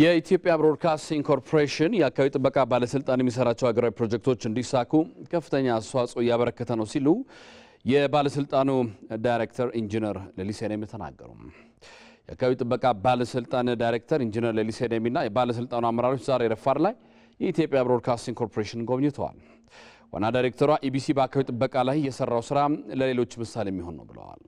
የኢትዮጵያ ብሮድካስቲንግ ኮርፖሬሽን የአካባቢ ጥበቃ ባለስልጣን የሚሰራቸው ሀገራዊ ፕሮጀክቶች እንዲሳኩ ከፍተኛ አስተዋጽኦ እያበረከተ ነው ሲሉ የባለስልጣኑ ዳይሬክተር ኢንጂነር ሌሊሴ ነሚ ተናገሩ። የአካባቢ ጥበቃ ባለስልጣን ዳይሬክተር ኢንጂነር ሌሊሴ ነሚና የባለስልጣኑ አመራሮች ዛሬ ረፋድ ላይ የኢትዮጵያ ብሮድካስቲንግ ኮርፖሬሽን ጎብኝተዋል። ዋና ዳይሬክተሯ ኢቢሲ በአካባቢ ጥበቃ ላይ የሰራው ስራ ለሌሎች ምሳሌ የሚሆን ነው ብለዋል።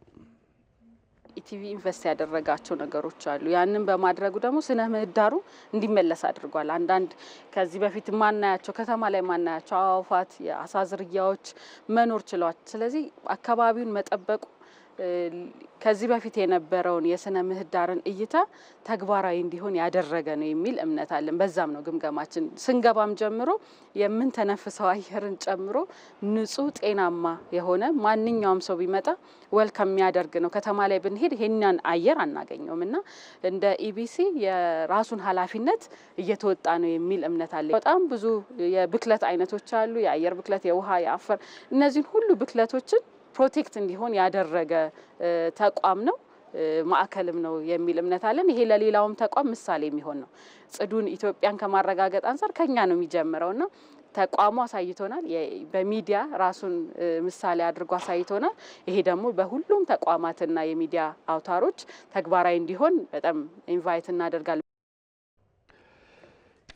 ኢቲቪ ኢንቨስት ያደረጋቸው ነገሮች አሉ። ያንን በማድረጉ ደግሞ ስነ ምህዳሩ እንዲመለስ አድርጓል። አንዳንድ ከዚህ በፊት ማናያቸው ከተማ ላይ ማናያቸው አዋፋት፣ የአሳ ዝርያዎች መኖር ችለዋል። ስለዚህ አካባቢውን መጠበቁ ከዚህ በፊት የነበረውን የስነ ምህዳርን እይታ ተግባራዊ እንዲሆን ያደረገ ነው የሚል እምነት አለን። በዛም ነው ግምገማችን ስንገባም ጀምሮ የምንተነፍሰው አየርን ጨምሮ ንጹህ፣ ጤናማ የሆነ ማንኛውም ሰው ቢመጣ ወልከም የሚያደርግ ነው። ከተማ ላይ ብንሄድ ይሄንን አየር አናገኘውም እና እንደ ኢቢሲ e የራሱን ኃላፊነት እየተወጣ ነው የሚል እምነት አለ። በጣም ብዙ የብክለት አይነቶች አሉ። የአየር ብክለት፣ የውሃ፣ የአፈር እነዚህን ሁሉ ብክለቶችን ፕሮቴክት እንዲሆን ያደረገ ተቋም ነው ማዕከልም ነው የሚል እምነት አለን። ይሄ ለሌላውም ተቋም ምሳሌ የሚሆን ነው። ጽዱን ኢትዮጵያን ከማረጋገጥ አንጻር ከኛ ነው ና ተቋሙ አሳይቶናል። በሚዲያ ራሱን ምሳሌ አድርጎ አሳይቶናል። ይሄ ደግሞ በሁሉም ተቋማትና የሚዲያ አውታሮች ተግባራዊ እንዲሆን በጣም ኢንቫይት እናደርጋለን።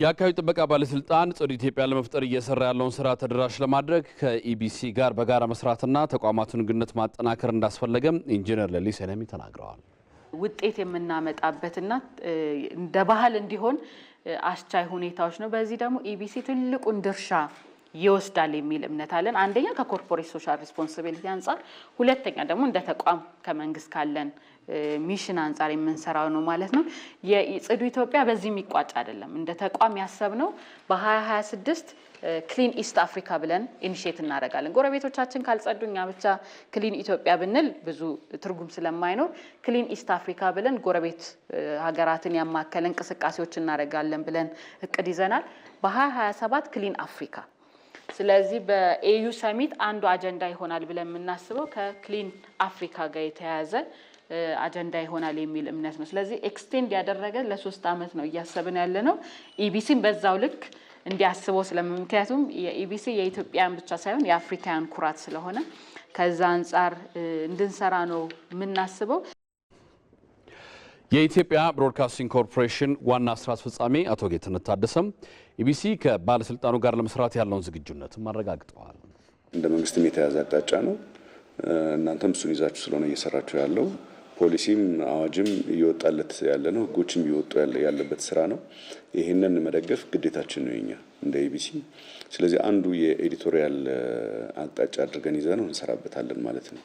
የአካባቢ ጥበቃ ባለስልጣን ጽዱ ኢትዮጵያ ለመፍጠር እየሰራ ያለውን ስራ ተደራሽ ለማድረግ ከኢቢሲ ጋር በጋራ መስራትና ተቋማቱን ግንኙነት ማጠናከር እንዳስፈለገም ኢንጂነር ለሊሴ ነሚ ተናግረዋል። ውጤት የምናመጣበትና እንደ ባህል እንዲሆን አስቻይ ሁኔታዎች ነው። በዚህ ደግሞ ኢቢሲ ትልቁን ድርሻ ይወስዳል የሚል እምነት አለን። አንደኛ ከኮርፖሬት ሶሻል ሪስፖንሲቢሊቲ አንጻር፣ ሁለተኛ ደግሞ እንደ ተቋም ከመንግስት ካለን ሚሽን አንጻር የምንሰራው ነው ማለት ነው። የጽዱ ኢትዮጵያ በዚህ የሚቋጭ አይደለም። እንደ ተቋም ያሰብነው በ2026 ክሊን ኢስት አፍሪካ ብለን ኢኒሽት እናደርጋለን። ጎረቤቶቻችን ካልጸዱ እኛ ብቻ ክሊን ኢትዮጵያ ብንል ብዙ ትርጉም ስለማይኖር ክሊን ኢስት አፍሪካ ብለን ጎረቤት ሀገራትን ያማከለ እንቅስቃሴዎች እናደርጋለን ብለን እቅድ ይዘናል። በ2027 ክሊን አፍሪካ ስለዚህ በኤዩ ሰሚት አንዱ አጀንዳ ይሆናል ብለን የምናስበው ከክሊን አፍሪካ ጋር የተያያዘ አጀንዳ ይሆናል የሚል እምነት ነው። ስለዚህ ኤክስቴንድ ያደረገ ለሶስት ዓመት ነው እያሰብን ያለ ነው። ኢቢሲን በዛው ልክ እንዲያስበው ስለም ምክንያቱም የኢቢሲ የኢትዮጵያን ብቻ ሳይሆን የአፍሪካውያን ኩራት ስለሆነ ከዛ አንጻር እንድንሰራ ነው የምናስበው። የኢትዮጵያ ብሮድካስቲንግ ኮርፖሬሽን ዋና ስራ አስፈጻሚ አቶ ጌትነት ታደሰም ኢቢሲ ከባለስልጣኑ ጋር ለመስራት ያለውን ዝግጁነትም አረጋግጠዋል። እንደ መንግስትም የተያዘ አቅጣጫ ነው። እናንተም እሱን ይዛችሁ ስለሆነ እየሰራችሁ ያለው ፖሊሲም አዋጅም እየወጣለት ያለ ነው። ህጎችም እየወጡ ያለበት ስራ ነው። ይህንን መደገፍ ግዴታችን ነው የኛ እንደ ኢቢሲ። ስለዚህ አንዱ የኤዲቶሪያል አቅጣጫ አድርገን ይዘ ነው እንሰራበታለን ማለት ነው።